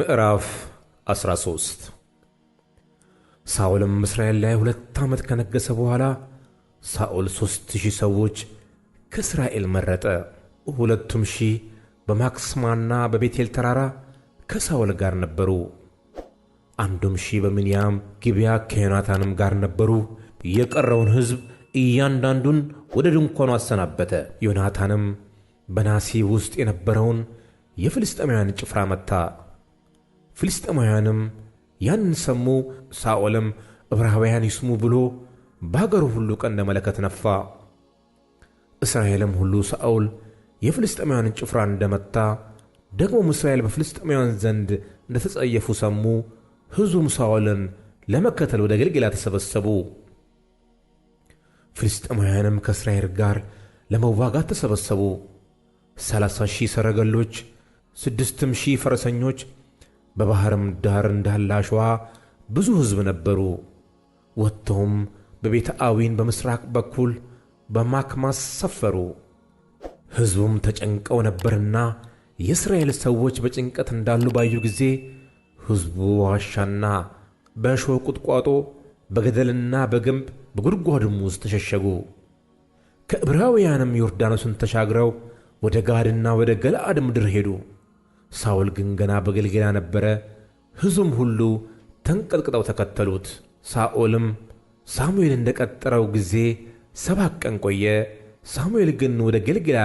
ምዕራፍ 13 ሳኦልም እስራኤል ላይ ሁለት ዓመት ከነገሠ በኋላ ሳኦል ሦስት ሺህ ሰዎች ከእስራኤል መረጠ። ሁለቱም ሺህ በማክስማና በቤቴል ተራራ ከሳኦል ጋር ነበሩ። አንዱም ሺህ በምንያም ጊብያ ከዮናታንም ጋር ነበሩ። የቀረውን ሕዝብ እያንዳንዱን ወደ ድንኳኑ አሰናበተ። ዮናታንም በናሲብ ውስጥ የነበረውን የፍልስጥኤማውያን ጭፍራ መታ። ፍልስጥኤማውያንም ያን ሰሙ። ሳኦልም ዕብራውያን ይስሙ ብሎ በአገሩ ሁሉ ቀንደ መለከት ነፋ። እስራኤልም ሁሉ ሳኦል የፍልስጥኤማውያንን ጭፍራ እንደመታ ደግሞም እስራኤል በፍልስጥኤማውያን ዘንድ እንደተጸየፉ ሰሙ። ሕዝቡም ሳኦልን ለመከተል ወደ ገልጌላ ተሰበሰቡ። ፍልስጥኤማውያንም ከእስራኤል ጋር ለመዋጋት ተሰበሰቡ። ሰላሳ ሺህ ሰረገሎች፣ ስድስትም ሺህ ፈረሰኞች በባሕርም ዳር እንዳለ አሸዋ ብዙ ሕዝብ ነበሩ። ወጥተውም በቤተ አዊን በምሥራቅ በኩል በማክማስ ሰፈሩ። ሕዝቡም ተጨንቀው ነበርና የእስራኤል ሰዎች በጭንቀት እንዳሉ ባዩ ጊዜ ሕዝቡ ዋሻና በእሾህ ቁጥቋጦ በገደልና በግንብ በጉድጓድም ውስጥ ተሸሸጉ። ከዕብራውያንም ዮርዳኖስን ተሻግረው ወደ ጋድና ወደ ገለአድ ምድር ሄዱ። ሳውል ግን ገና በገልጌላ ነበረ። ሕዝቡም ሁሉ ተንቀጥቅጠው ተከተሉት። ሳኦልም ሳሙኤል እንደ ቀጠረው ጊዜ ሰባት ቀን ቆየ። ሳሙኤል ግን ወደ ገልጌላ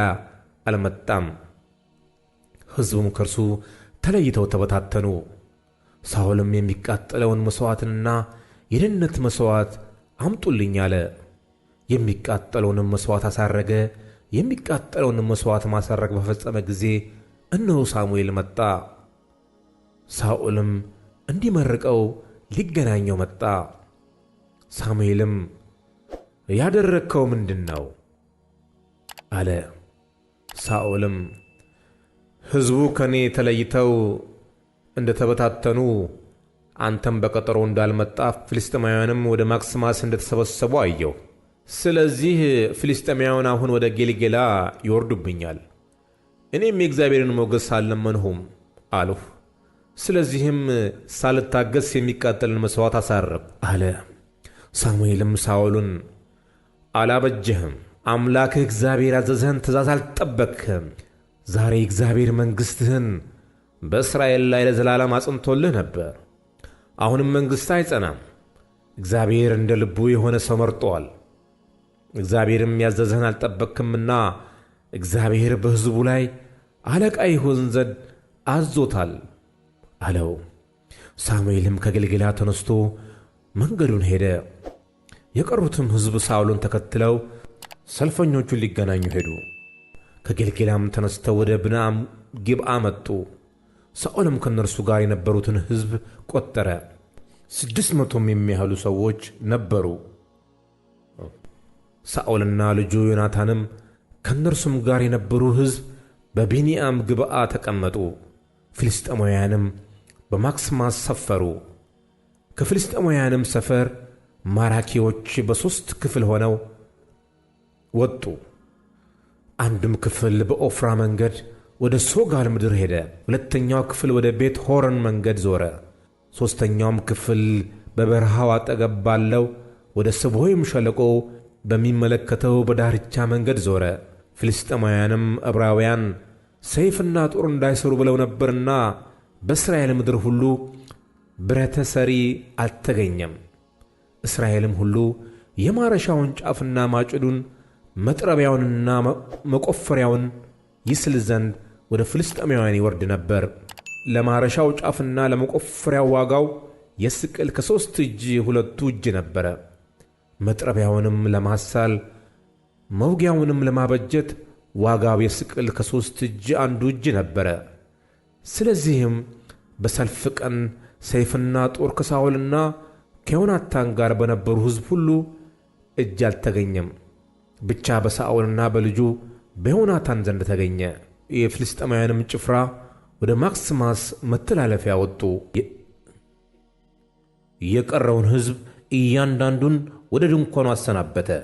አልመጣም። ሕዝቡም ከእርሱ ተለይተው ተበታተኑ። ሳኦልም የሚቃጠለውን መሥዋዕትንና የደህንነት መሥዋዕት አምጡልኝ አለ። የሚቃጠለውንም መሥዋዕት አሳረገ። የሚቃጠለውንም መሥዋዕት ማሳረግ በፈጸመ ጊዜ እነሆ ሳሙኤል መጣ። ሳኦልም እንዲመርቀው ሊገናኘው መጣ። ሳሙኤልም ያደረግከው ምንድን ነው አለ። ሳኦልም ሕዝቡ ከእኔ ተለይተው እንደ ተበታተኑ አንተም በቀጠሮ እንዳልመጣ ፍልስጥማውያንም ወደ ማክስማስ እንደተሰበሰቡ አየሁ። ስለዚህ ፍልስጥማውያን አሁን ወደ ጌልጌላ ይወርዱብኛል እኔም የእግዚአብሔርን ሞገስ አልለመንሁም አልሁ። ስለዚህም ሳልታገስ የሚቃጠልን መሥዋዕት አሳረብ አለ። ሳሙኤልም ሳውልን አላበጀህም፣ አምላክህ እግዚአብሔር ያዘዘህን ትእዛዝ አልጠበክህም። ዛሬ እግዚአብሔር መንግሥትህን በእስራኤል ላይ ለዘላለም አጽንቶልህ ነበር። አሁንም መንግሥት አይጸናም። እግዚአብሔር እንደ ልቡ የሆነ ሰው መርጧል እግዚአብሔርም ያዘዘህን አልጠበቅህምና እግዚአብሔር በሕዝቡ ላይ አለቃ ይሆን ዘንድ አዞታል አለው። ሳሙኤልም ከገልግላ ተነስቶ መንገዱን ሄደ። የቀሩትም ሕዝብ ሳውሎን ተከትለው ሰልፈኞቹን ሊገናኙ ሄዱ። ከጌልጌላም ተነስተው ወደ ብናም ጊብዓ መጡ። ሳኦልም ከእነርሱ ጋር የነበሩትን ሕዝብ ቆጠረ። ስድስት መቶም የሚያህሉ ሰዎች ነበሩ። ሳኦልና ልጁ ዮናታንም ከእነርሱም ጋር የነበሩ ሕዝብ በቢንያም ግብዓ ተቀመጡ። ፍልስጥኤማውያንም በማክስማስ ሰፈሩ። ከፍልስጥኤማውያንም ሰፈር ማራኪዎች በሦስት ክፍል ሆነው ወጡ። አንድም ክፍል በኦፍራ መንገድ ወደ ሶጋል ምድር ሄደ። ሁለተኛው ክፍል ወደ ቤት ሆረን መንገድ ዞረ። ሦስተኛውም ክፍል በበረሃው አጠገብ ባለው ወደ ሰቦይም ሸለቆ በሚመለከተው በዳርቻ መንገድ ዞረ። ፍልስጥኤማውያንም ዕብራውያን ሰይፍና ጦር እንዳይሰሩ ብለው ነበርና በእስራኤል ምድር ሁሉ ብረተ ሰሪ አልተገኘም። እስራኤልም ሁሉ የማረሻውን ጫፍና ማጭዱን መጥረቢያውንና መቆፈሪያውን ይስል ዘንድ ወደ ፍልስጥኤማውያን ይወርድ ነበር። ለማረሻው ጫፍና ለመቆፈሪያው ዋጋው የስቅል ከሦስት እጅ ሁለቱ እጅ ነበረ። መጥረቢያውንም ለማሳል መውጊያውንም ለማበጀት ዋጋው የስቅል ከሦስት እጅ አንዱ እጅ ነበረ። ስለዚህም በሰልፍ ቀን ሰይፍና ጦር ከሳውልና ከዮናታን ጋር በነበሩ ሕዝብ ሁሉ እጅ አልተገኘም፤ ብቻ በሳኦልና በልጁ በዮናታን ዘንድ ተገኘ። የፍልስጥኤማውያንም ጭፍራ ወደ ማክስማስ መተላለፊያ ወጡ። የቀረውን ሕዝብ እያንዳንዱን ወደ ድንኳኑ አሰናበተ።